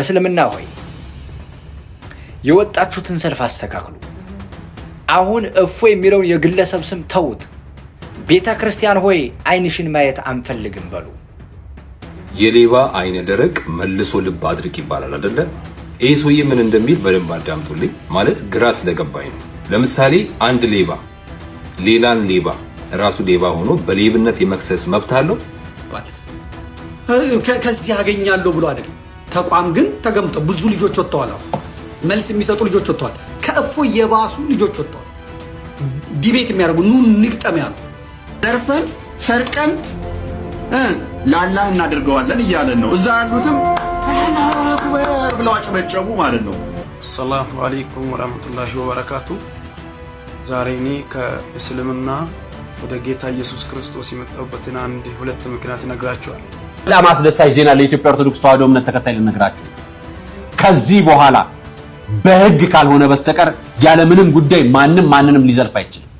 እስልምና ሆይ የወጣችሁትን ሰልፍ አስተካክሉ። አሁን እፎ የሚለውን የግለሰብ ስም ተዉት። ቤተ ክርስቲያን ሆይ አይንሽን ማየት አንፈልግም በሉ። የሌባ አይነ ደረቅ መልሶ ልብ አድርግ ይባላል አደለ? ይህ ሰውዬ ምን እንደሚል በደንብ አዳምጡልኝ። ማለት ግራ ስለገባኝ ነው። ለምሳሌ አንድ ሌባ ሌላን ሌባ ራሱ ሌባ ሆኖ በሌብነት የመክሰስ መብት አለው። ከዚህ ያገኛለሁ ብሎ አይደለም ተቋም ግን ተገምጦ ብዙ ልጆች ወጥተዋል። መልስ የሚሰጡ ልጆች ወጥተዋል። ከእፎ የባሱ ልጆች ወጥተዋል። ዲቤት የሚያደርጉ ኑ ንቅጠም ያሉ ዘርፈን ሰርቀን ላላህ እናደርገዋለን እያለን ነው። እዛ ያሉትም ተናበር ብለው አጨበጨቡ ማለት ነው። አሰላሙ አለይኩም ወራህመቱላሂ ወበረካቱ። ዛሬ እኔ ከእስልምና ወደ ጌታ ኢየሱስ ክርስቶስ የመጣሁበትን አንድ ሁለት ምክንያት እነግራቸዋለሁ። በጣም አስደሳች ዜና ለኢትዮጵያ ኦርቶዶክስ ተዋህዶ እምነት ተከታይ ልነግራችሁ። ከዚህ በኋላ በህግ ካልሆነ በስተቀር ያለምንም ጉዳይ ማንም ማንንም ሊዘልፍ አይችልም።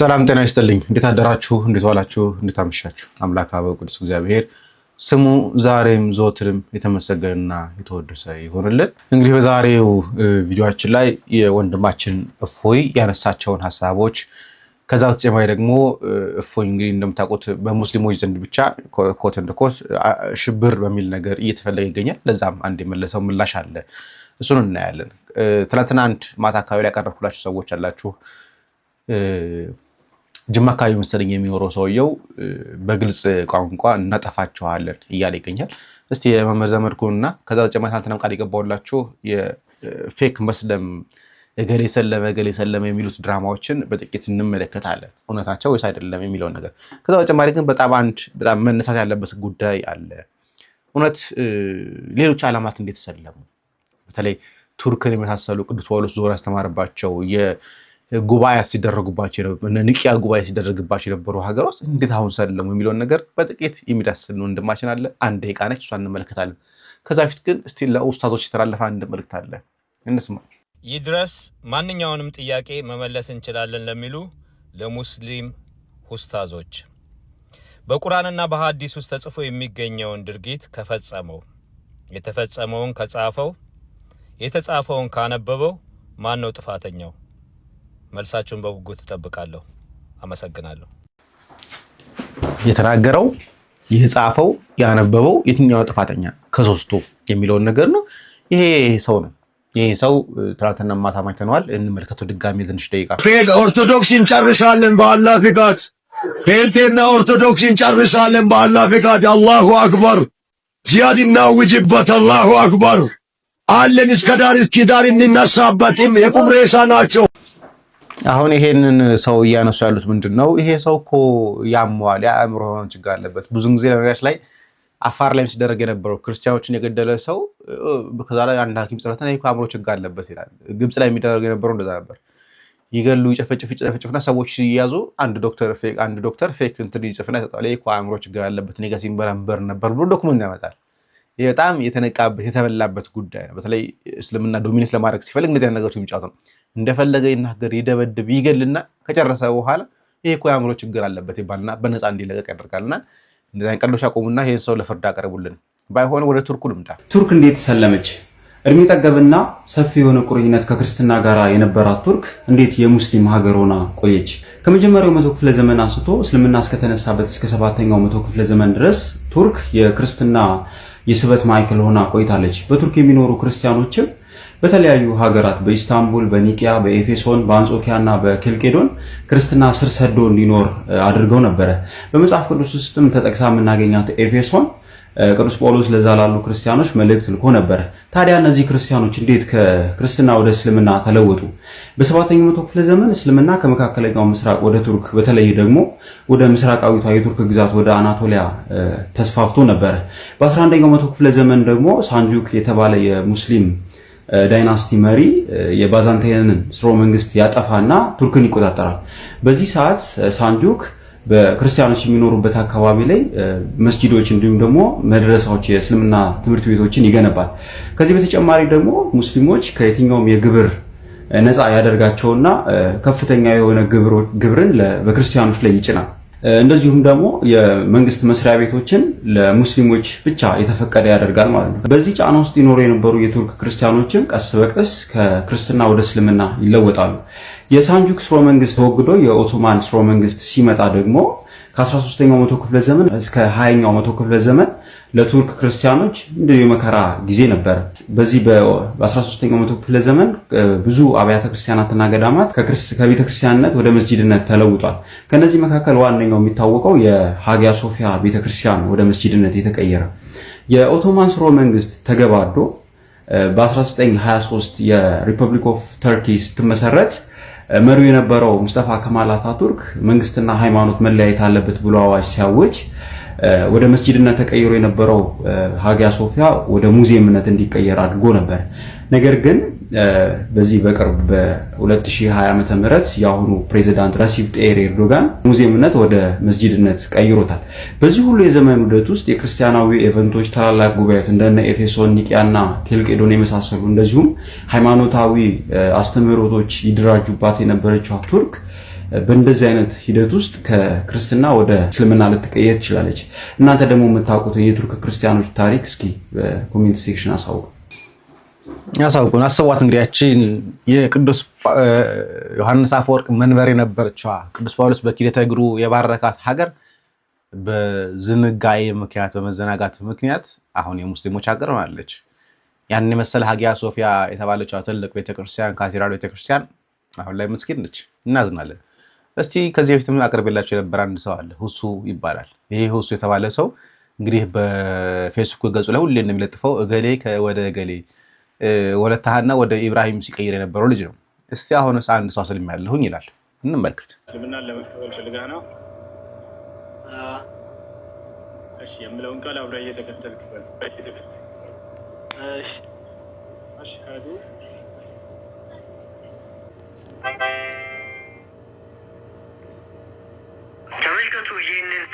ሰላም ጤና ይስጥልኝ። እንዴት አደራችሁ? እንዴት ዋላችሁ? እንዴት አመሻችሁ? አምላክ አበ ቅዱስ እግዚአብሔር ስሙ ዛሬም ዘወትርም የተመሰገነና የተወደሰ ይሆንልን። እንግዲህ በዛሬው ቪዲዮችን ላይ የወንድማችን እፎይ ያነሳቸውን ሀሳቦች ከዛ በተጨማሪ ደግሞ እፎኝ እንግዲህ እንደምታውቁት በሙስሊሞች ዘንድ ብቻ ኮተን እንደ ሽብር በሚል ነገር እየተፈለገ ይገኛል። ለዛም አንድ የመለሰው ምላሽ አለ። እሱን እናያለን። ትናንትና አንድ ማታ አካባቢ ላይ ያቀረብኩላችሁ ሰዎች አላችሁ። ጅማ አካባቢ መሰለኝ የሚኖረው ሰውየው በግልጽ ቋንቋ እናጠፋችኋለን እያለ ይገኛል። እስቲ የመመዘመድኩንና ከዛ ተጨማሪ ትናንትናም ቃል የገባሁላችሁ የፌክ መስለም እገሌ ሰለመ እገሌ ሰለመ የሚሉት ድራማዎችን በጥቂት እንመለከታለን። እውነታቸው ወይስ አይደለም የሚለውን ነገር። ከዛ በተጨማሪ ግን በጣም አንድ በጣም መነሳት ያለበት ጉዳይ አለ። እውነት ሌሎች ዓላማት እንዴት ሰለሙ? በተለይ ቱርክን የመሳሰሉ ቅዱስ ጳውሎስ ዞር ያስተማርባቸው ጉባኤ ሲደረጉባቸው ንቅያ ጉባኤ ሲደረግባቸው የነበሩ ሀገር ውስጥ እንዴት አሁን ሰለሙ የሚለውን ነገር በጥቂት የሚዳስል ወንድማችን አለ። አንድ ደቂቃ ነች፣ እሷ እንመለከታለን። ከዛ ፊት ግን እስቲ ለኡስታዞች የተላለፈ አንድ መልእክት አለ፣ እንስማ። ይድረስ ማንኛውንም ጥያቄ መመለስ እንችላለን ለሚሉ ለሙስሊም ሁስታዞች በቁርአንና በሐዲስ ውስጥ ተጽፎ የሚገኘውን ድርጊት ከፈጸመው የተፈጸመውን ከጻፈው የተጻፈውን ካነበበው ማን ነው ጥፋተኛው? መልሳችሁን በጉጉት እጠብቃለሁ። አመሰግናለሁ። የተናገረው የጻፈው ያነበበው የትኛው ጥፋተኛ ከሶስቱ የሚለውን ነገር ነው። ይሄ ሰው ነው ይህ ሰው ትናንትና ማታ ማይተነዋል። እንመልከተው ድጋሚ ትንሽ ደቂቃ። ኦርቶዶክስ እንጨርሳለን በአላህ ፍቃድ፣ ፔንቴና ኦርቶዶክስ እንጨርሳለን በአላህ ፍቃድ። አላሁ አክበር ዚያድ እናውጅበት። አላሁ አክበር አለን እስከ ዳር እስኪ ዳር እንነሳበትም የቁም ሬሳ ናቸው። አሁን ይሄንን ሰው እያነሱ ያሉት ምንድን ነው? ይሄ ሰው እኮ ያመዋል፣ የአእምሮ ሆን ችግር አለበት። ብዙን ጊዜ ለነገራች ላይ አፋር ላይም ሲደረግ የነበረው ክርስቲያኖችን የገደለ ሰው ከዛ ላይ አንድ ሐኪም ጽረትና ይህ አእምሮ ችግር አለበት ይላል። ግብፅ ላይ የሚደረግ የነበረው እንደዛ ነበር። ይገሉ ይጨፈጭፍ ይጨፈጭፍና ሰዎች ሲያዙ አንድ ዶክተር ፌክ አንድ ዶክተር ፌክ እንትን ይጽፍና ይሰጠዋል። ይህ አእምሮ ችግር አለበት እኔ ጋ ሲንበረንበር ነበር ብሎ ዶክመንት ያመጣል። ይህ በጣም የተነቃበት የተበላበት ጉዳይ ነው። በተለይ እስልምና ዶሚኔት ለማድረግ ሲፈልግ እንደዚህ ነገሮች የሚጫወት ነው። እንደፈለገ ይናገር፣ ይደበድብ፣ ይገልና ከጨረሰ በኋላ ይህ እኮ የአእምሮ ችግር አለበት ይባልና በነፃ እንዲለቀቅ ያደርጋልና እነዚያን ቀልዶች አቆሙና ይህን ሰው ለፍርድ አቀርቡልን። ባይሆን ወደ ቱርኩ ልምጣ። ቱርክ እንዴት ሰለመች? እድሜ ጠገብና ሰፊ የሆነ ቁርኝነት ከክርስትና ጋር የነበራት ቱርክ እንዴት የሙስሊም ሀገር ሆና ቆየች? ከመጀመሪያው መቶ ክፍለ ዘመን አንስቶ እስልምና እስከተነሳበት እስከ ሰባተኛው መቶ ክፍለ ዘመን ድረስ ቱርክ የክርስትና የስበት ማዕከል ሆና ቆይታለች። በቱርክ የሚኖሩ ክርስቲያኖችም በተለያዩ ሀገራት በኢስታንቡል፣ በኒቅያ፣ በኤፌሶን፣ በአንጾኪያ እና በክልቄዶን ክርስትና ስር ሰዶ እንዲኖር አድርገው ነበረ። በመጽሐፍ ቅዱስ ውስጥም ተጠቅሳ የምናገኛት ኤፌሶን ቅዱስ ጳውሎስ ለዛ ላሉ ክርስቲያኖች መልእክት ልኮ ነበረ። ታዲያ እነዚህ ክርስቲያኖች እንዴት ከክርስትና ወደ እስልምና ተለወጡ? በሰባተኛው መቶ ክፍለ ዘመን እስልምና ከመካከለኛው ምስራቅ ወደ ቱርክ በተለይ ደግሞ ወደ ምስራቃዊቷ የቱርክ ግዛት ወደ አናቶሊያ ተስፋፍቶ ነበረ። በ11ኛው መቶ ክፍለ ዘመን ደግሞ ሳንጁክ የተባለ የሙስሊም ዳይናስቲ መሪ የባዛንታይንን ስሮ መንግስት ያጠፋና ቱርክን ይቆጣጠራል። በዚህ ሰዓት ሳንጁክ በክርስቲያኖች የሚኖሩበት አካባቢ ላይ መስጂዶች እንዲሁም ደግሞ መድረሳዎች የእስልምና ትምህርት ቤቶችን ይገነባል። ከዚህ በተጨማሪ ደግሞ ሙስሊሞች ከየትኛውም የግብር ነፃ ያደርጋቸውና ከፍተኛ የሆነ ግብርን በክርስቲያኖች ላይ ይጭናል። እንደዚሁም ደግሞ የመንግስት መስሪያ ቤቶችን ለሙስሊሞች ብቻ የተፈቀደ ያደርጋል ማለት ነው። በዚህ ጫና ውስጥ ይኖሩ የነበሩ የቱርክ ክርስቲያኖችም ቀስ በቀስ ከክርስትና ወደ እስልምና ይለወጣሉ። የሳንጁክ ስርወ መንግስት ተወግዶ የኦቶማን ስርወ መንግስት ሲመጣ ደግሞ ከ13ኛው መቶ ክፍለ ዘመን እስከ 20ኛው መቶ ክፍለ ዘመን ለቱርክ ክርስቲያኖች እንደ የመከራ ጊዜ ነበር። በዚህ በ13ኛው መቶ ክፍለ ዘመን ብዙ አብያተ ክርስቲያናትና ገዳማት ከቤተ ክርስቲያንነት ወደ መስጂድነት ተለውጧል። ከነዚህ መካከል ዋነኛው የሚታወቀው የሃጊያ ሶፊያ ቤተ ክርስቲያን ወደ መስጂድነት የተቀየረ የኦቶማንስ ሮ መንግስት ተገባዶ በ1923 የሪፐብሊክ ኦፍ ተርኪ ስትመሰረት መሪው የነበረው ሙስጠፋ ከማል አታቱርክ መንግስትና ሃይማኖት መለያየት አለበት ብሎ አዋጅ ሲያውጅ ወደ መስጂድነት ተቀይሮ የነበረው ሀጊያ ሶፊያ ወደ ሙዚየምነት እንዲቀየር አድርጎ ነበር። ነገር ግን በዚህ በቅርብ በ2020 ዓመተ ምህረት የአሁኑ ፕሬዚዳንት ረሲብ ጤር ኤርዶጋን ሙዚየምነት ወደ መስጂድነት ቀይሮታል። በዚህ ሁሉ የዘመን ውደት ውስጥ የክርስቲያናዊ ኤቨንቶች ታላላቅ ጉባኤት እንደነ ኤፌሶን፣ ኒቂያና ቴልቄዶን የመሳሰሉ እንደዚሁም ሃይማኖታዊ አስተምህሮቶች ይደራጁባት የነበረችው ቱርክ በእንደዚህ አይነት ሂደት ውስጥ ከክርስትና ወደ እስልምና ልትቀየር ትችላለች። እናንተ ደግሞ የምታውቁት የቱርክ ክርስቲያኖች ታሪክ እስኪ በኮሜንት ሴክሽን አሳውቁ ያሳውቁን። አስቧት እንግዲህ ያቺን የቅዱስ ዮሐንስ አፈወርቅ መንበር የነበረችዋ ቅዱስ ጳውሎስ በኪደተ እግሩ የባረካት ሀገር በዝንጋዬ ምክንያት በመዘናጋት ምክንያት አሁን የሙስሊሞች ሀገር ማለች። ያን የመሰለ ሀጊያ ሶፊያ የተባለችው ትልቅ ቤተክርስቲያን ካቴድራል ቤተክርስቲያን አሁን ላይ ምስኪን ነች። እናዝናለን። እስቲ ከዚህ በፊትም አቅርቤላቸው የነበረ አንድ ሰው አለ፣ ሁሱ ይባላል። ይሄ ሁሱ የተባለ ሰው እንግዲህ በፌስቡክ ገጹ ላይ ሁሌ እንደሚለጥፈው እገሌ ወደ እገሌ ወለተ ሐና ወደ ኢብራሂም ሲቀይር የነበረው ልጅ ነው። እስቲ አሁንስ አንድ ሰው ስልም ያለሁኝ ይላል። እንመልከት። እስልምናን ለመቀበል ፈልጋ ነው እሺ የምለውን ቃል አብረህ እየተከተልክ በል። እሺ አሽሀዱ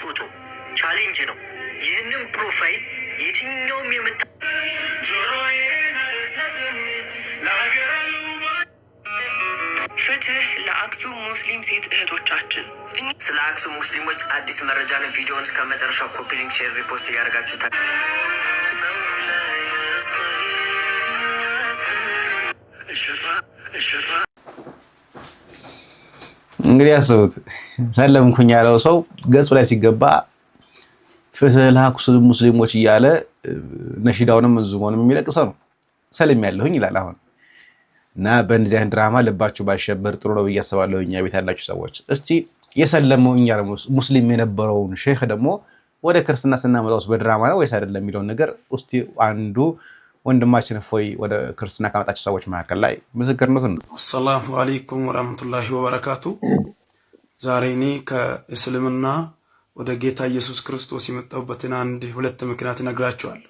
ፎቶ ቻሌንጅ ነው። ይህንን ፕሮፋይል የትኛውም የምታ ፍትህ ለአክሱም ሙስሊም ሴት እህቶቻችን። ስለ አክሱም ሙስሊሞች አዲስ መረጃን ቪዲዮን እስከ መጨረሻው ኮፒ ሊንክ፣ ሼር፣ ሪፖስት እያደርጋችሁ ታ እንግዲህ አስቡት ሰለምኩኝ ያለው ሰው ገጹ ላይ ሲገባ ፍትህ ለሀኩስ ሙስሊሞች እያለ ነሺዳውንም እዙሞንም የሚለቅሰው ነው። ሰልም ያለሁኝ ይላል። አሁን እና በእንደዚህ አይነት ድራማ ልባችሁ ባሸበር ጥሩ ነው ብዬ አስባለሁ። እኛ ቤት ያላችሁ ሰዎች እስቲ የሰለመው እኛ ሙስሊም የነበረውን ሼህ ደግሞ ወደ ክርስትና ስናመጣውስ በድራማ ነው ወይስ አይደለም የሚለውን ነገር እስቲ አንዱ ወንድማችን እፎይ ወደ ክርስትና ከመጣቸው ሰዎች መካከል ላይ ምስክርነቱን። አሰላሙ አለይኩም ወራህመቱላሂ ወበረካቱ። ዛሬ እኔ ከእስልምና ወደ ጌታ ኢየሱስ ክርስቶስ የመጣሁበትን አንድ ሁለት ምክንያት እነግራቸዋለሁ።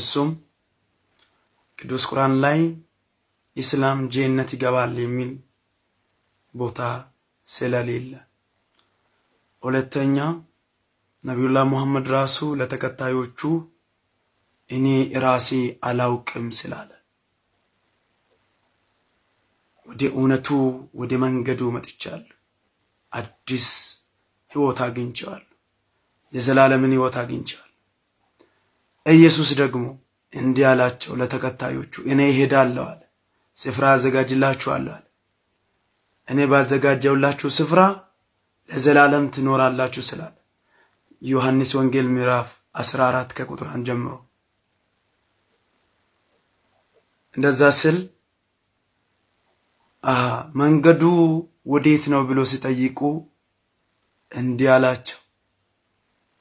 እሱም ቅዱስ ቁርአን ላይ ኢስላም ጄነት ይገባል የሚል ቦታ ስለሌለ፣ ሁለተኛ ነቢዩላህ ሙሐመድ ራሱ ለተከታዮቹ እኔ ራሴ አላውቅም ስላለ ወደ እውነቱ ወደ መንገዱ መጥቻል አዲስ ህይወት አግኝቸዋል። የዘላለምን ህይወት አግኝቸዋል። ኢየሱስ ደግሞ እንዲህ አላቸው ለተከታዮቹ፣ እኔ እሄዳለሁ አለ፣ ስፍራ አዘጋጅላችኋለሁ አለ። እኔ ባዘጋጀውላችሁ ስፍራ ለዘላለም ትኖራላችሁ ስላለ ዮሐንስ ወንጌል ምዕራፍ 14 ከቁጥር 1 ጀምሮ እንደዛ ስል መንገዱ ወዴት ነው ብሎ ሲጠይቁ እንዲህ አላቸው፣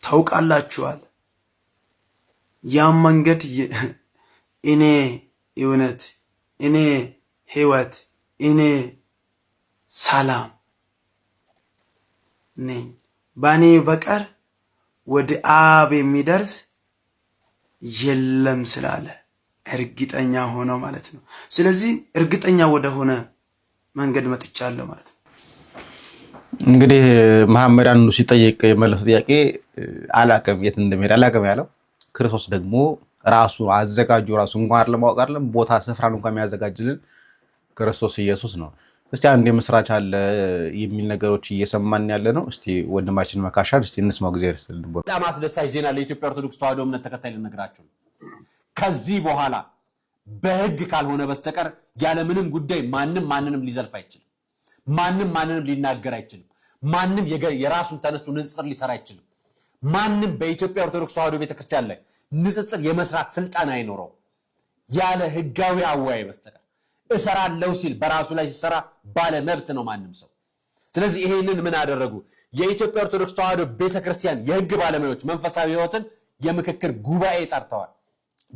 ታውቃላችኋል ያም መንገድ እኔ እውነት፣ እኔ ህይወት፣ እኔ ሰላም ነኝ። በእኔ በቀር ወደ አብ የሚደርስ የለም ስላለ እርግጠኛ ሆነ ማለት ነው። ስለዚህ እርግጠኛ ወደሆነ መንገድ መጥቻለሁ ማለት ነው። እንግዲህ መሐመድ አንዱ ሲጠየቅ የመለሱ ጥያቄ አላቅም፣ የት እንደሚሄድ አላቅም ያለው ክርስቶስ ደግሞ ራሱ አዘጋጁ ራሱ እንኳን ለማወቅ አይደለም ቦታ ስፍራን እንኳን የሚያዘጋጅልን ክርስቶስ ኢየሱስ ነው። እስቲ አንድ የምስራች አለ የሚል ነገሮች እየሰማን ያለ ነው። እስቲ ወንድማችን መካሻል እስቲ እንስማው። ጊዜ በጣም አስደሳች ዜና ለኢትዮጵያ ኦርቶዶክስ ተዋህዶ እምነት ተከታይ ልነግራቸው ከዚህ በኋላ በህግ ካልሆነ በስተቀር ያለምንም ጉዳይ ማንም ማንንም ሊዘልፍ አይችልም። ማንም ማንንም ሊናገር አይችልም። ማንም የራሱን ተነስቶ ንጽጽር ሊሰራ አይችልም። ማንም በኢትዮጵያ ኦርቶዶክስ ተዋሕዶ ቤተክርስቲያን ላይ ንጽጽር የመስራት ስልጣን አይኖረው ያለ ህጋዊ አወያይ በስተቀር እሰራለሁ ሲል በራሱ ላይ ሲሰራ ባለ መብት ነው ማንም ሰው። ስለዚህ ይሄንን ምን አደረጉ? የኢትዮጵያ ኦርቶዶክስ ተዋሕዶ ቤተክርስቲያን የህግ ባለሙያዎች መንፈሳዊ ህይወትን የምክክር ጉባኤ ጠርተዋል።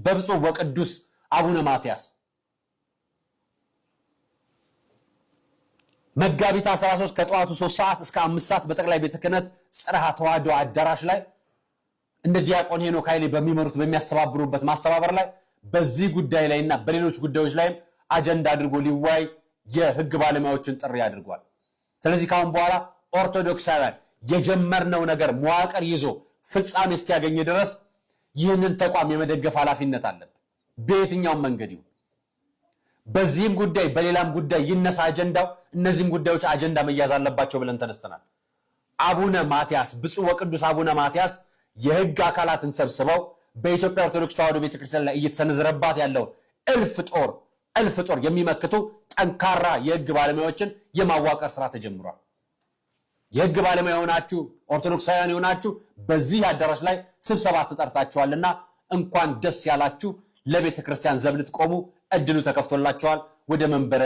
በብፁዕ ወቅዱስ አቡነ ማትያስ መጋቢት 13 ከጠዋቱ 3 ሰዓት እስከ 5 ሰዓት በጠቅላይ ቤተ ክህነት ጽርሐ ተዋሕዶ አዳራሽ ላይ እንደ ዲያቆን ሄኖክ ኃይሌ በሚመሩት በሚያስተባብሩበት ማስተባበር ላይ በዚህ ጉዳይ ላይና በሌሎች ጉዳዮች ላይም አጀንዳ አድርጎ ሊዋይ የህግ ባለሙያዎችን ጥሪ አድርጓል። ስለዚህ ካሁን በኋላ ኦርቶዶክሳውያን የጀመርነው ነገር መዋቅር ይዞ ፍጻሜ እስኪያገኝ ድረስ ይህንን ተቋም የመደገፍ ኃላፊነት አለብን በየትኛውም መንገድ ይሁን። በዚህም ጉዳይ በሌላም ጉዳይ ይነሳ አጀንዳው፣ እነዚህም ጉዳዮች አጀንዳ መያዝ አለባቸው ብለን ተነስተናል። አቡነ ማቲያስ ብፁዕ ወቅዱስ አቡነ ማትያስ የህግ አካላትን ሰብስበው በኢትዮጵያ ኦርቶዶክስ ተዋሕዶ ቤተክርስቲያን ላይ እየተሰነዘረባት ያለውን እልፍ ጦር እልፍ ጦር የሚመክቱ ጠንካራ የህግ ባለሙያዎችን የማዋቀር ስራ ተጀምሯል። የህግ ባለሙያ የሆናችሁ ኦርቶዶክሳውያን የሆናችሁ በዚህ አዳራሽ ላይ ስብሰባ ተጠርታችኋልና እንኳን ደስ ያላችሁ። ለቤተ ክርስቲያን ዘብ ልትቆሙ እድሉ ተከፍቶላችኋል። ወደ መንበረ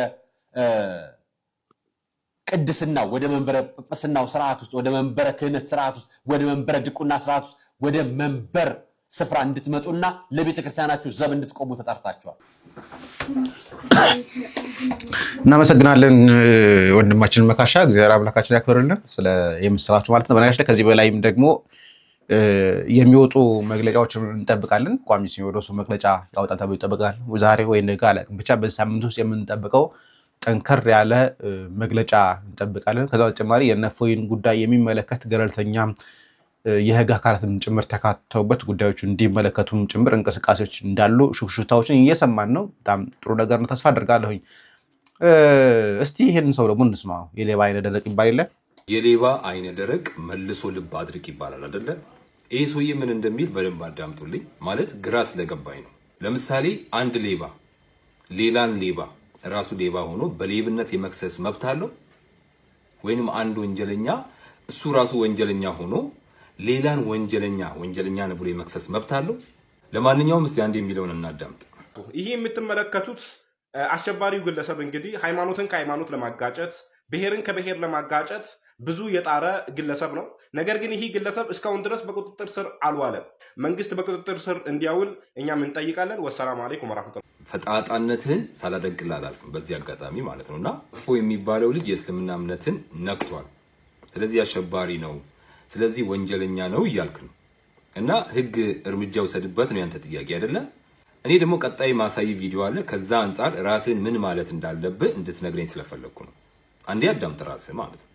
ቅድስናው፣ ወደ መንበረ ጵጵስናው ስርዓት ውስጥ፣ ወደ መንበረ ክህነት ስርዓት ውስጥ፣ ወደ መንበረ ድቁና ስርዓት ውስጥ፣ ወደ መንበር ስፍራ እንድትመጡና ለቤተ ክርስቲያናችሁ ዘብ እንድትቆሙ ተጠርታችኋል። እናመሰግናለን ወንድማችን መካሻ፣ እግዚአብሔር አምላካችን ያክብርልን ስለ የምስራችሁ ማለት ነው። በነገራችን ላይ ከዚህ በላይም ደግሞ የሚወጡ መግለጫዎችን እንጠብቃለን። ቋሚ ሲኖዶሱ መግለጫ ያወጣል ተብሎ ይጠብቃል። ዛሬ ወይ ነገ አላውቅም፣ ብቻ በዚህ ሳምንት ውስጥ የምንጠብቀው ጠንከር ያለ መግለጫ እንጠብቃለን። ከዛ በተጨማሪ የእነ ጉዳይ የሚመለከት ገለልተኛ የህግ አካላትም ጭምር ተካተውበት ጉዳዮች እንዲመለከቱም ጭምር እንቅስቃሴዎች እንዳሉ ሹክሹክታዎችን እየሰማን ነው። በጣም ጥሩ ነገር ነው። ተስፋ አድርጋለሁኝ። እስቲ ይህን ሰው ደግሞ እንስማ። የሌባ አይነ ደረቅ ይባል የለ የሌባ አይነ ደረቅ መልሶ ልብ አድርቅ ይባላል አደለ? ይህ ሰውዬ ምን እንደሚል በደንብ አዳምጡልኝ። ማለት ግራ ስለገባኝ ነው። ለምሳሌ አንድ ሌባ ሌላን ሌባ ራሱ ሌባ ሆኖ በሌብነት የመክሰስ መብት አለው ወይንም አንድ ወንጀለኛ እሱ ራሱ ወንጀለኛ ሆኖ ሌላን ወንጀለኛ ወንጀለኛ ነው ብሎ የመክሰስ መብት አለው። ለማንኛውም እስቲ አንድ የሚለውን እናዳምጥ። ይህ የምትመለከቱት አሸባሪው ግለሰብ እንግዲህ ሃይማኖትን ከሃይማኖት ለማጋጨት ብሔርን ከብሔር ለማጋጨት ብዙ የጣረ ግለሰብ ነው። ነገር ግን ይህ ግለሰብ እስካሁን ድረስ በቁጥጥር ስር አልዋለም። መንግስት በቁጥጥር ስር እንዲያውል እኛም እንጠይቃለን። ወሰላም አለይኩም ረመቱላ። ፈጣጣነትህን ሳላደንቅልህ አላልፍም በዚህ አጋጣሚ ማለት ነው እና እፎ የሚባለው ልጅ የእስልምና እምነትን ነክቷል። ስለዚህ አሸባሪ ነው ስለዚህ ወንጀለኛ ነው እያልክ ነው እና ህግ እርምጃ ውሰድበት ነው ያንተ ጥያቄ አይደለም። እኔ ደግሞ ቀጣይ ማሳይ ቪዲዮ አለ። ከዛ አንጻር ራስን ምን ማለት እንዳለብህ እንድትነግረኝ ስለፈለግኩ ነው። አንዴ አዳምጥ ራስህ ማለት ነው።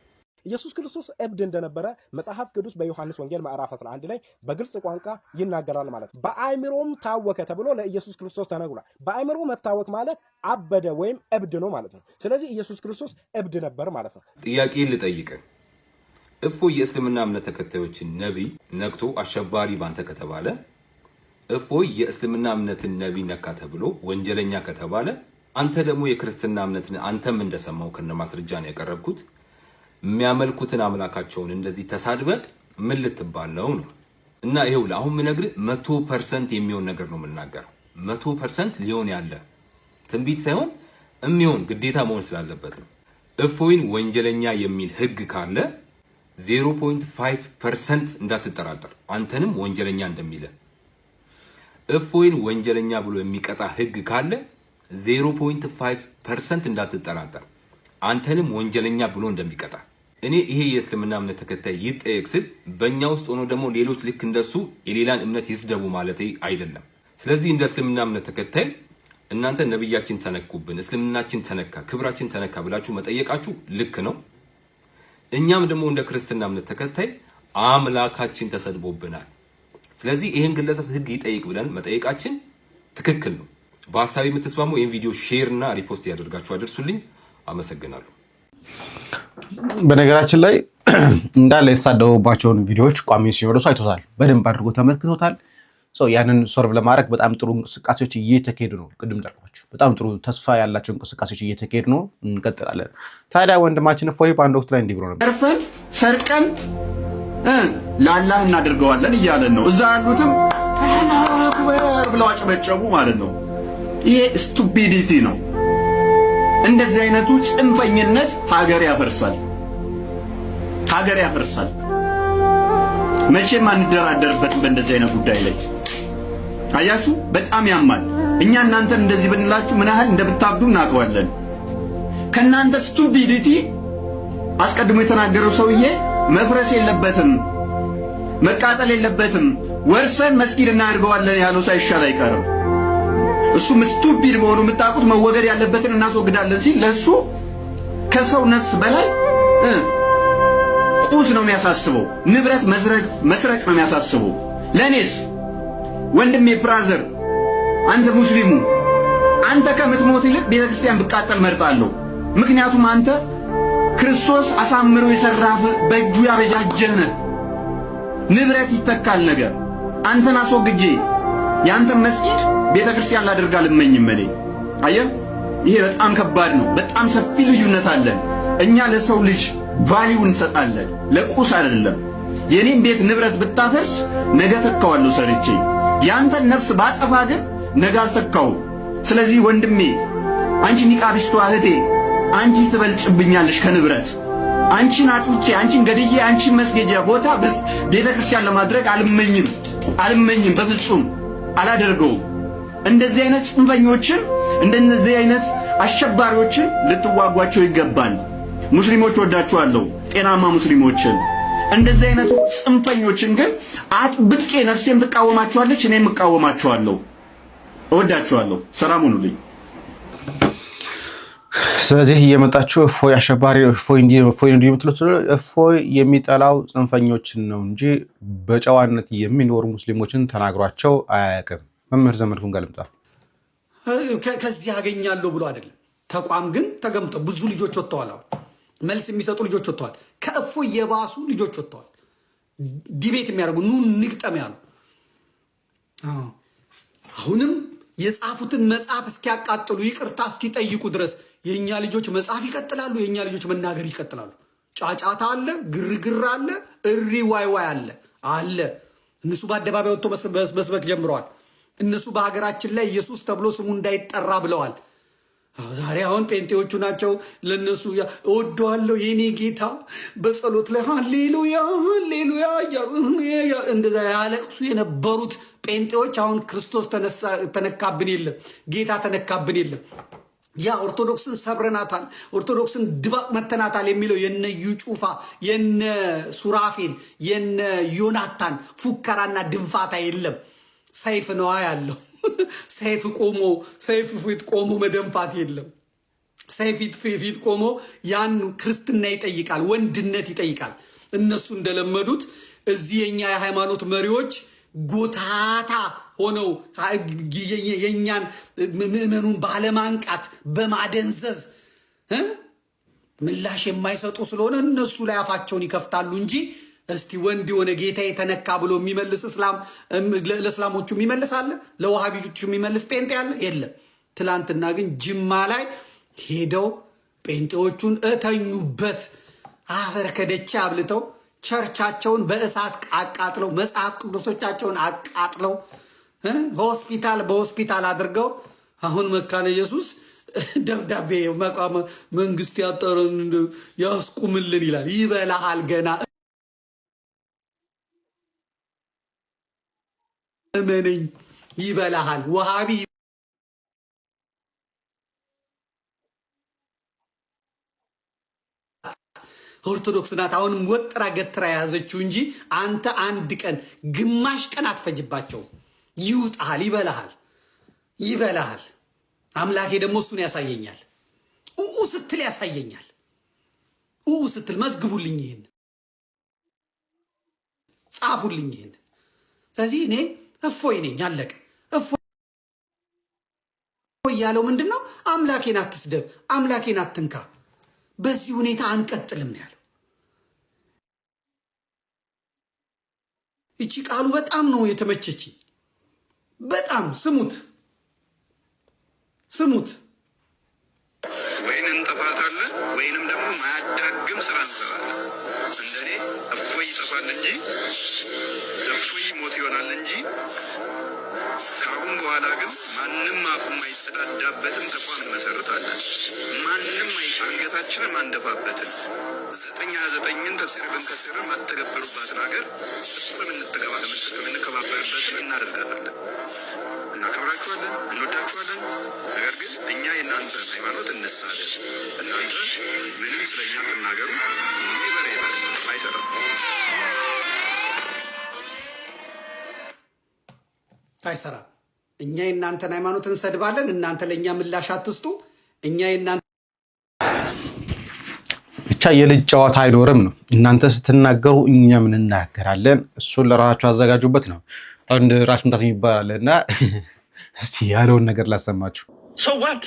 ኢየሱስ ክርስቶስ እብድ እንደነበረ መጽሐፍ ቅዱስ በዮሐንስ ወንጌል ምዕራፍ 11 ላይ በግልጽ ቋንቋ ይናገራል ማለት ነው። በአእምሮም ታወከ ተብሎ ለኢየሱስ ክርስቶስ ተነግሯል። በአእምሮ መታወክ ማለት አበደ ወይም እብድ ነው ማለት ነው። ስለዚህ ኢየሱስ ክርስቶስ እብድ ነበር ማለት ነው። ጥያቄ ልጠይቅህ እፎይ የእስልምና እምነት ተከታዮችን ነቢይ ነክቶ አሸባሪ ባንተ ከተባለ እፎይ የእስልምና እምነትን ነቢይ ነካ ተብሎ ወንጀለኛ ከተባለ አንተ ደግሞ የክርስትና እምነትን አንተም እንደሰማው ከነ ማስረጃ ነው ያቀረብኩት። የሚያመልኩትን አምላካቸውን እንደዚህ ተሳድበ ምን ልትባል ነው ነው? እና ይሄው ለአሁን ምነግርህ መቶ ፐርሰንት የሚሆን ነገር ነው የምናገረው። መቶ ፐርሰንት ሊሆን ያለ ትንቢት ሳይሆን የሚሆን ግዴታ መሆን ስላለበት ነው። እፎይን ወንጀለኛ የሚል ህግ ካለ 0.5 ፐርሰንት እንዳትጠራጠር አንተንም ወንጀለኛ እንደሚለ እፎይን ወንጀለኛ ብሎ የሚቀጣ ህግ ካለ 0.5 ፐርሰንት እንዳትጠራጠር አንተንም ወንጀለኛ ብሎ እንደሚቀጣ እኔ ይሄ የእስልምና እምነት ተከታይ ይጠየቅ ስል በእኛ ውስጥ ሆኖ ደግሞ ሌሎች ልክ እንደሱ የሌላን እምነት ይስደቡ ማለት አይደለም። ስለዚህ እንደ እስልምና እምነት ተከታይ እናንተ ነብያችን ተነኩብን፣ እስልምናችን ተነካ፣ ክብራችን ተነካ ብላችሁ መጠየቃችሁ ልክ ነው። እኛም ደግሞ እንደ ክርስትና እምነት ተከታይ አምላካችን ተሰድቦብናል፣ ስለዚህ ይህን ግለሰብ ህግ ይጠይቅ ብለን መጠየቃችን ትክክል ነው። በሀሳብ የምትስማሙ ይህን ቪዲዮ ሼር እና ሪፖስት ያደርጋችሁ አድርሱልኝ። አመሰግናለሁ። በነገራችን ላይ እንዳለ የተሳደቡባቸውን ቪዲዮዎች ቋሚ ሲመለሱ አይቶታል፣ በደንብ አድርጎ ተመልክቶታል። ሰው ያንን ሶርቭ ለማድረግ በጣም ጥሩ እንቅስቃሴዎች እየተካሄዱ ነው። ቅድም ጠርቋችሁ በጣም ጥሩ ተስፋ ያላቸው እንቅስቃሴዎች እየተካሄዱ ነው። እንቀጥላለን። ታዲያ ወንድማችን ፎይ በአንድ ወቅት ላይ እንዲብሮ ነበር። ሰርፈን ሰርቀን ላላህ እናደርገዋለን እያለን ነው። እዛ ያሉትም አክበር ብለው አጨበጨቡ ማለት ነው። ይሄ ስቱፒዲቲ ነው። እንደዚህ አይነቱ ጽንፈኝነት ሀገር ያፈርሳል፣ ሀገር ያፈርሳል። መቼም አንደራደርበትም በእንደዚህ አይነት ጉዳይ ላይ አያችሁ፣ በጣም ያማል። እኛ እናንተን እንደዚህ ብንላችሁ ምን ያህል እንደምታብዱ እናውቀዋለን። ከእናንተ ስቱፒዲቲ አስቀድሞ የተናገረው ሰውዬ መፍረስ የለበትም መቃጠል የለበትም ወርሰን መስጊድ እናርገዋለን ያለው ሳይሻል አይቀርም። እሱም ስቱፒድ መሆኑ የምታውቁት መወገድ ያለበትን እናስወግዳለን ሲል ለእሱ ከሰው ነፍስ በላይ ቁስ ነው የሚያሳስበው፣ ንብረት መስረቅ ነው የሚያሳስበው። ለእኔስ ወንድሜ ብራዘር፣ አንተ ሙስሊሙ አንተ ከምትሞት ይልቅ ቤተ ክርስቲያን ብቃጠል መርጣለሁ። ምክንያቱም አንተ ክርስቶስ አሳምሮ የሰራህ በእጁ ያበጃጀህ ነህ። ንብረት ይተካል ነገር አንተን አስወግጄ የአንተን መስጊድ ቤተ ክርስቲያን ላደርግ አልመኝም እኔ። አየህ፣ ይሄ በጣም ከባድ ነው። በጣም ሰፊ ልዩነት አለን እኛ ለሰው ልጅ ቫሊው እንሰጣለን፣ ለቁስ አይደለም። የኔን ቤት ንብረት ብታፈርስ ነገ ተካዋለሁ ሰርቼ፣ ያንተን ነፍስ ባጠፋ ግን ነገ አልተካው ስለዚህ ወንድሜ፣ አንቺ ኒቃቢስቷ እህቴ፣ አንቺ ትበልጭብኛለሽ ከንብረት አንቺን አጥፍቼ አንቺን ገድዬ አንቺን መስገጃ ቦታ ቤተ ክርስቲያን ለማድረግ አልመኝም አልመኝም በፍጹም አላደርገውም። እንደዚህ አይነት ጽንፈኞችን እንደዚህ አይነት አሸባሪዎችን ልትዋጓቸው ይገባል። ሙስሊሞች ወዳችኋለሁ፣ ጤናማ ሙስሊሞችን። እንደዚህ አይነቱ ጽንፈኞችን ግን አጥብቄ ነፍሴም ትቃወማችኋለች፣ እኔም እቃወማችኋለሁ። እወዳችኋለሁ። ሰላም ሁኑልኝ። ስለዚህ እየመጣችሁ እፎይ አሸባሪ እፎይ እንዲህ እፎይ እንዲህ የምትሉት እፎይ የሚጠላው ጽንፈኞችን ነው እንጂ በጨዋነት የሚኖሩ ሙስሊሞችን ተናግሯቸው አያውቅም። መምህር ዘመድኩን ገልምጣ ከዚህ ያገኛለሁ ብሎ አይደለም። ተቋም ግን ተገምጦ ብዙ ልጆች ወጥተዋል። አሁን መልስ የሚሰጡ ልጆች ወጥተዋል። ከእፎ የባሱ ልጆች ወጥተዋል። ዲቤት የሚያደርጉ ኑ ንግጠም ያሉ አሁንም የጻፉትን መጽሐፍ እስኪያቃጥሉ ይቅርታ እስኪጠይቁ ድረስ የእኛ ልጆች መጽሐፍ ይቀጥላሉ። የእኛ ልጆች መናገር ይቀጥላሉ። ጫጫታ አለ፣ ግርግር አለ፣ እሪ ዋይዋይ አለ አለ። እነሱ በአደባባይ ወጥቶ መስበክ ጀምረዋል። እነሱ በሀገራችን ላይ ኢየሱስ ተብሎ ስሙ እንዳይጠራ ብለዋል። ዛሬ አሁን ጴንጤዎቹ ናቸው ለነሱ እወደዋለሁ የኔ ጌታ በጸሎት ላይ ሃሌሉያ ሃሌሉያ እንደዛ ያለቅሱ የነበሩት ጴንጤዎች አሁን ክርስቶስ ተነካብን የለም ጌታ ተነካብን የለም ያ ኦርቶዶክስን ሰብረናታል፣ ኦርቶዶክስን ድባቅ መተናታል የሚለው የነ ዩጩፋ የነ ሱራፌል የነ ዮናታን ፉከራና ድንፋታ የለም። ሰይፍ ነዋ ያለው። ሰይፍ ቆሞ ሰይፍ ፊት ቆሞ መደንፋት የለም። ሰይፍ ፊት ቆሞ ያን ክርስትና ይጠይቃል፣ ወንድነት ይጠይቃል። እነሱ እንደለመዱት እዚህ የኛ የሃይማኖት መሪዎች ጎታታ ሆነው የእኛን ምዕመኑን ባለማንቃት በማደንዘዝ ምላሽ የማይሰጡ ስለሆነ እነሱ ላይ አፋቸውን ይከፍታሉ እንጂ እስቲ ወንድ የሆነ ጌታ የተነካ ብሎ የሚመልስ እስላም ለእስላሞቹ የሚመልስ አለ፣ ለውሃቢጆቹ የሚመልስ ጴንጤ አለ የለም። ትላንትና ግን ጅማ ላይ ሄደው ጴንጤዎቹን እተኙበት አፈር ከደቼ አብልተው ቸርቻቸውን በእሳት አቃጥለው መጽሐፍ ቅዱሶቻቸውን አቃጥለው ሆስፒታል በሆስፒታል አድርገው አሁን መካነ ኢየሱስ ደብዳቤ መንግስት ያጠረን ያስቁምልን ይላል። ይበላሃል ገና እመነኝ ይበላሃል። ወሃቢ ኦርቶዶክስ ናት። አሁንም ወጥራ ገትራ የያዘችው እንጂ አንተ አንድ ቀን ግማሽ ቀን አትፈጅባቸው ይውጣሃል፣ ይበላሃል፣ ይበላሃል። አምላኬ ደግሞ እሱን ያሳየኛል። ኡኡ ስትል ያሳየኛል። ኡኡ ስትል መዝግቡልኝ፣ ይህን ጻፉልኝ፣ ይህን ስለዚህ እኔ እፎይ ነኝ አለቀ። እፎይ ያለው ምንድን ነው? አምላኬን አትስደብ፣ አምላኬን አትንካ። በዚህ ሁኔታ አንቀጥልም ነው ያለው። እቺ ቃሉ በጣም ነው የተመቸች። በጣም ስሙት፣ ስሙት ወይንም ጥፋት አለ ወይንም ደግሞ ማያዳግም ስራ እንሰራለን ለእኔ እፎይ ይጠፋል እንጂ እፎይ ሞት ይሆናል እንጂ ከአሁን በኋላ ግን ማንም አፉ የማይጸዳዳበትን ተቋም እንመሰርታለን። ማንም አንገታችንም አንደፋበትን። ዘጠኛ ዘጠኝን ተፍሲር ብንከስር ማተገበሩባትን ሀገር ፍጹም የምንከባበርበትን እናደርጋታለን። እናከብራችኋለን፣ እንወዳችኋለን። ነገር ግን እኛ የእናንተ ሃይማኖት እነሳለን። እናንተ ምንም ስለኛ ትናገሩ አይሰራም። እኛ የእናንተን ሃይማኖት እንሰድባለን፣ እናንተ ለእኛ ምላሽ አትስጡ። እኛ የእናንተ ብቻ የልጅ ጨዋታ አይኖርም ነው። እናንተ ስትናገሩ እኛ ምን እናገራለን? እሱን ለራሳችሁ አዘጋጁበት ነው። አንድ ራስ ምታት ይባላል እና እስቲ ያለውን ነገር ላሰማችሁ። ሰዋት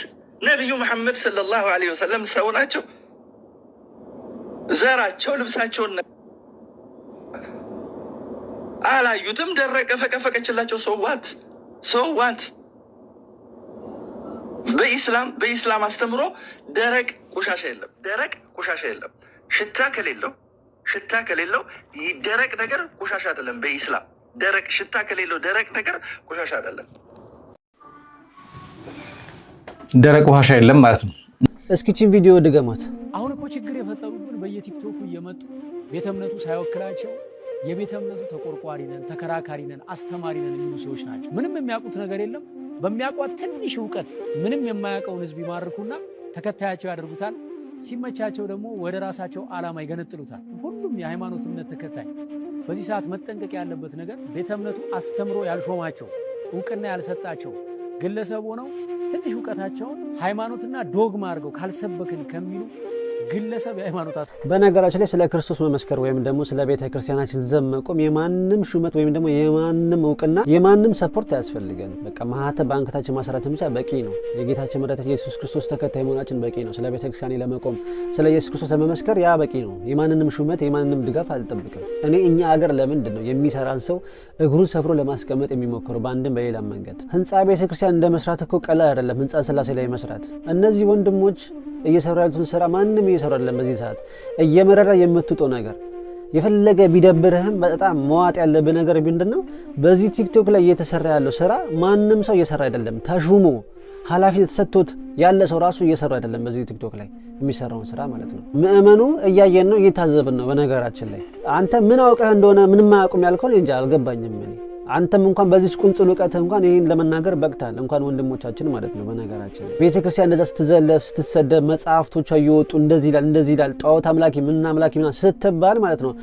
ነቢዩ መሐመድ ሰለላሁ ዐለይሂ ወሰለም ሰው ናቸው። ዘራቸው ልብሳቸውን አላዩትም። ደረቀ፣ ፈቀፈቀችላቸው። ሰዋት ሰዋት በኢስላም በኢስላም አስተምሮ ደረቅ ቆሻሻ የለም። ደረቅ ቆሻሻ የለም። ሽታ ከሌለው ሽታ ከሌለው ደረቅ ነገር ቆሻሻ አይደለም። በኢስላም ደረቅ ሽታ ከሌለው ደረቅ ነገር ቆሻሻ አይደለም። ደረቅ ቆሻሻ የለም ማለት ነው። እስኪችን ቪዲዮ ድገማት። አሁን እኮ ችግር የፈጠሩብን በየቲክቶኩ እየመጡ ቤተ እምነቱ ሳይወክላቸው የቤተ እምነቱ ተቆርቋሪ ነን፣ ተከራካሪ ነን፣ አስተማሪ ነን የሚሉ ሰዎች ናቸው። ምንም የሚያውቁት ነገር የለም። በሚያውቋት ትንሽ እውቀት ምንም የማያውቀውን ሕዝብ ይማርኩና ተከታያቸው ያደርጉታል። ሲመቻቸው ደግሞ ወደ ራሳቸው ዓላማ ይገነጥሉታል። ሁሉም የሃይማኖት እምነት ተከታይ በዚህ ሰዓት መጠንቀቅ ያለበት ነገር ቤተ እምነቱ አስተምሮ ያልሾማቸው እውቅና ያልሰጣቸው ግለሰብ ሆነው ትንሽ እውቀታቸውን ሃይማኖትና ዶግማ አድርገው ካልሰበክን ከሚሉ ግለሰብ የሃይማኖት በነገራችን ላይ ስለ ክርስቶስ መመስከር ወይም ደግሞ ስለ ቤተ ክርስቲያናችን ዘብ መቆም የማንም ሹመት ወይም ደግሞ የማንም እውቅና የማንም ሰፖርት አያስፈልገን። በቃ ማህተብ በአንገታችን ማሰራት ብቻ በቂ ነው። የጌታችን መድኃኒታችን የኢየሱስ ክርስቶስ ተከታይ መሆናችን በቂ ነው። ስለ ቤተ ክርስቲያኔ ለመቆም ስለ ኢየሱስ ክርስቶስ ለመመስከር ያ በቂ ነው። የማንንም ሹመት የማንንም ድጋፍ አልጠብቅም። እኔ እኛ አገር ለምንድን ነው የሚሰራን ሰው እግሩን ሰብሮ ለማስቀመጥ የሚሞክሩ በአንድም በሌላም መንገድ? ህንፃ ቤተ ክርስቲያን እንደ መስራት እኮ ቀላል አይደለም። ህንፃን ስላሴ ላይ መስራት እነዚህ ወንድሞች እየሰሩ ያሉትን ስራ ማንም እየሰሩ አይደለም። በዚህ ሰዓት እየመረራ የምትውጠው ነገር የፈለገ ቢደብርህም በጣም መዋጥ ያለብህ ነገር ምንድን ነው? በዚህ ቲክቶክ ላይ እየተሰራ ያለው ስራ ማንም ሰው እየሰራ አይደለም። ተሹሞ ኃላፊነት ተሰጥቶት ያለ ሰው ራሱ እየሰራ አይደለም። በዚህ ቲክቶክ ላይ የሚሰራውን ስራ ማለት ነው። ምእመኑ እያየን ነው፣ እየታዘብን ነው። በነገራችን ላይ አንተ ምን አውቀህ እንደሆነ ምንም አያውቁም ያልከው እንጃ አልገባኝም። አንተም እንኳን በዚች ቁንጽል እውቀትህ እንኳን ይህን ለመናገር በቅታል። እንኳን ወንድሞቻችን ማለት ነው። በነገራችን ቤተ ክርስቲያን እንደዛ ስትዘለፍ ስትሰደብ፣ መጽሐፍቶቿ እየወጡ እንደዚህ ይላል እንደዚህ ይላል ጣዖት አምላኪ ምና አምላኪ ምና ስትባል ማለት ነው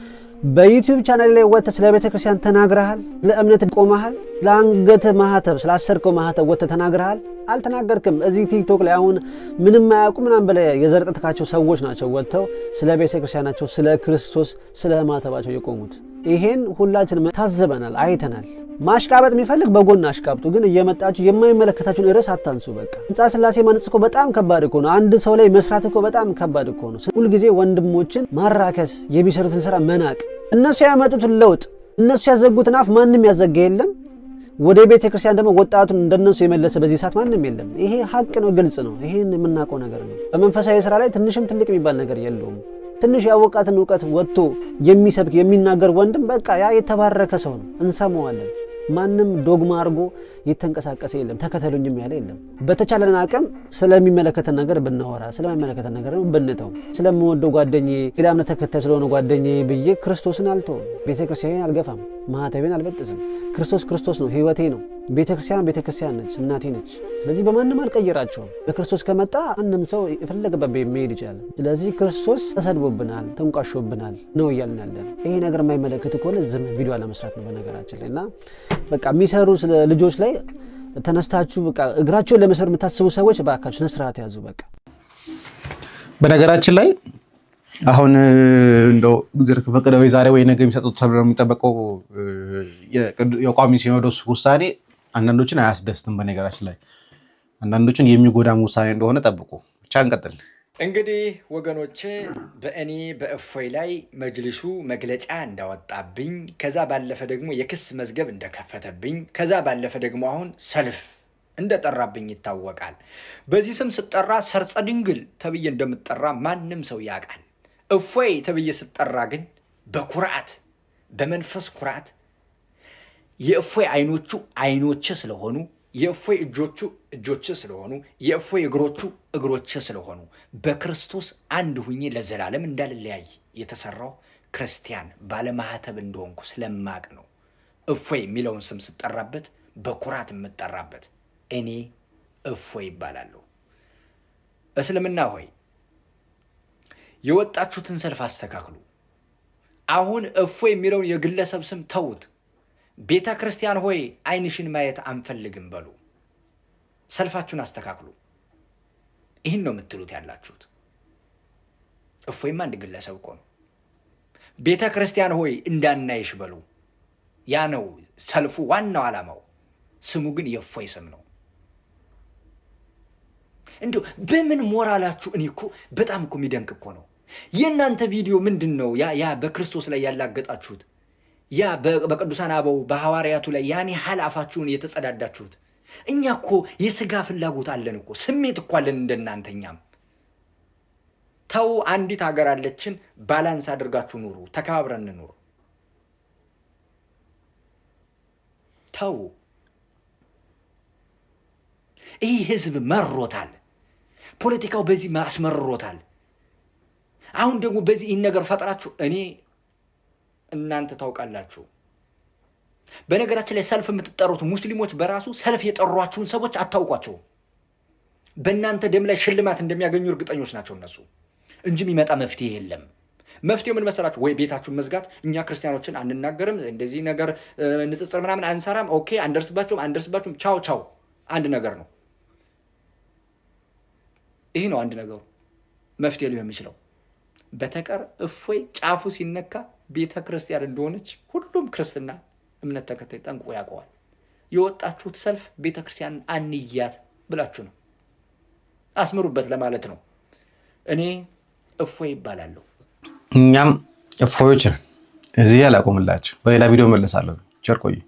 በዩቲዩብ ቻናል ላይ ወጥተህ ስለ ቤተ ክርስቲያን ተናግረሃል? ለእምነት ቆመሃል? ለአንገት ማህተብ ስላሰርከው ማህተብ ወጥተህ ተናግረሃል? አልተናገርክም። እዚህ ቲክቶክ ላይ አሁን ምንም አያውቁ ምናምን በላይ የዘርጠትካቸው ሰዎች ናቸው ወጥተው ስለ ቤተ ክርስቲያናቸው፣ ስለ ክርስቶስ፣ ስለ ማህተባቸው የቆሙት። ይሄን ሁላችን ታዘበናል፣ አይተናል። ማሽቃበጥ የሚፈልግ በጎን አሽቃብጡ፣ ግን እየመጣችሁ የማይመለከታችሁን ርዕስ አታንሱ። በቃ ህንፃ ስላሴ ማነጽ እኮ በጣም ከባድ እኮ ነው። አንድ ሰው ላይ መስራት እኮ በጣም ከባድ እኮ ነው። ሁልጊዜ ወንድሞችን ማራከስ፣ የሚሰሩትን ስራ መናቅ፣ እነሱ ያመጡትን ለውጥ፣ እነሱ ያዘጉትን አፍ ማንም ያዘጋ የለም። ወደ ቤተ ክርስቲያን ደግሞ ወጣቱን እንደነሱ የመለሰ በዚህ ሰዓት ማንም የለም። ይሄ ሀቅ ነው፣ ግልጽ ነው። ይሄን የምናውቀው ነገር ነው። በመንፈሳዊ ስራ ላይ ትንሽም ትልቅ የሚባል ነገር የለውም። ትንሽ ያወቃትን እውቀት ወጥቶ የሚሰብክ የሚናገር ወንድም በቃ ያ የተባረከ ሰው ነው፣ እንሰማዋለን። ማንም ዶግማ አድርጎ የተንቀሳቀሰ የለም፣ ተከተሉኝም ያለ የለም። በተቻለን አቅም ስለሚመለከተን ነገር ብናወራ፣ ስለማይመለከተን ነገር ብንተው፣ ስለምወደው ጓደኝ ሌላ እምነት ተከታይ ስለሆነ ጓደኝ ብዬ ክርስቶስን አልተውም፣ ቤተክርስቲያን አልገፋም፣ ማህተቤን አልበጥስም። ክርስቶስ ክርስቶስ ነው፣ ህይወቴ ነው። ቤተ ክርስቲያን ቤተ ክርስቲያን ነች፣ እናቴ ነች። ስለዚህ በማንም አልቀየራቸውም። በክርስቶስ ከመጣ አንም ሰው የፈለገበት መሄድ ይችላል። ስለዚህ ክርስቶስ ተሰድቦብናል፣ ተንቋሾብናል ነው እያልን ያለን። ይሄ ነገር የማይመለከት ከሆነ ዝም ቪዲዮ ለመስራት ነው በነገራችን ላይ እና በቃ የሚሰሩ ልጆች ላይ ተነስታችሁ በቃ እግራቸውን ለመሰሩ የምታስቡ ሰዎች በአካችሁ ስነ ያዙ። በቃ በነገራችን ላይ አሁን እንደው እግዜር ከፈቀደ ወይ ዛሬ ወይ ነገ የሚሰጡት ተብሎ የሚጠበቀው የቋሚ ሲኖዶስ ውሳኔ አንዳንዶችን አያስደስትም። በነገራችን ላይ አንዳንዶችን የሚጎዳም ውሳኔ እንደሆነ ጠብቁ። ብቻ እንቀጥል። እንግዲህ ወገኖቼ በእኔ በእፎይ ላይ መጅልሱ መግለጫ እንዳወጣብኝ፣ ከዛ ባለፈ ደግሞ የክስ መዝገብ እንደከፈተብኝ፣ ከዛ ባለፈ ደግሞ አሁን ሰልፍ እንደጠራብኝ ይታወቃል። በዚህ ስም ስጠራ ሰርጸ ድንግል ተብዬ እንደምጠራ ማንም ሰው ያውቃል። እፎይ ተብዬ ስጠራ ግን በኩራት በመንፈስ ኩራት የእፎይ አይኖቹ አይኖች ስለሆኑ የእፎይ እጆቹ እጆች ስለሆኑ የእፎይ እግሮቹ እግሮች ስለሆኑ በክርስቶስ አንድ ሁኜ ለዘላለም እንዳልለያይ የተሰራው ክርስቲያን ባለማህተብ እንደሆንኩ ስለማቅ ነው። እፎይ የሚለውን ስም ስጠራበት በኩራት የምጠራበት እኔ እፎይ ይባላለሁ። እስልምና ሆይ የወጣችሁትን ሰልፍ አስተካክሉ። አሁን እፎ የሚለውን የግለሰብ ስም ተዉት። ቤተ ክርስቲያን ሆይ አይንሽን ማየት አንፈልግም በሉ። ሰልፋችሁን አስተካክሉ። ይህን ነው የምትሉት ያላችሁት። እፎይም አንድ ግለሰብ እኮ ነው። ቤተ ክርስቲያን ሆይ እንዳናይሽ በሉ። ያ ነው ሰልፉ ዋናው ዓላማው። ስሙ ግን የእፎይ ስም ነው። እንዲሁ በምን ሞራላችሁ? እኔ እኮ በጣም እኮ የሚደንቅ እኮ ነው የእናንተ ቪዲዮ ምንድን ነው? ያ በክርስቶስ ላይ ያላገጣችሁት ያ በቅዱሳን አበው በሐዋርያቱ ላይ ያኔ ሀላፋችሁን የተጸዳዳችሁት። እኛ እኮ የስጋ ፍላጎት አለን እኮ ስሜት እኮ አለን እንደናንተ። ተው፣ አንዲት ሀገር አለችን፣ ባላንስ አድርጋችሁ ኑሩ፣ ተከባብረን ኑሩ። ተው፣ ይህ ህዝብ መሮታል። ፖለቲካው በዚህ አስመርሮታል። አሁን ደግሞ በዚህ ይህን ነገር ፈጥራችሁ እኔ እናንተ ታውቃላችሁ። በነገራችን ላይ ሰልፍ የምትጠሩት ሙስሊሞች በራሱ ሰልፍ የጠሯችሁን ሰዎች አታውቋቸውም። በእናንተ ደም ላይ ሽልማት እንደሚያገኙ እርግጠኞች ናቸው እነሱ እንጂ የሚመጣ መፍትሄ የለም። መፍትሄው ምን መሰላችሁ? ወይ ቤታችሁን መዝጋት፣ እኛ ክርስቲያኖችን አንናገርም፣ እንደዚህ ነገር ንጽጽር ምናምን አንሰራም፣ ኦኬ፣ አንደርስባችሁም፣ አንደርስባችሁም፣ ቻው ቻው፣ አንድ ነገር ነው። ይህ ነው አንድ ነገሩ መፍትሄ ሊሆን የሚችለው። በተቀር እፎይ ጫፉ ሲነካ ቤተ ክርስቲያን እንደሆነች ሁሉም ክርስትና እምነት ተከታይ ጠንቅቆ ያውቀዋል። የወጣችሁት ሰልፍ ቤተ ክርስቲያን አንያት ብላችሁ ነው፣ አስምሩበት ለማለት ነው። እኔ እፎይ ይባላለሁ። እኛም እፎዮች ነን። እዚህ ያላቆምላችሁ በሌላ ቪዲዮ መለሳለሁ። ቸር ቆዩ።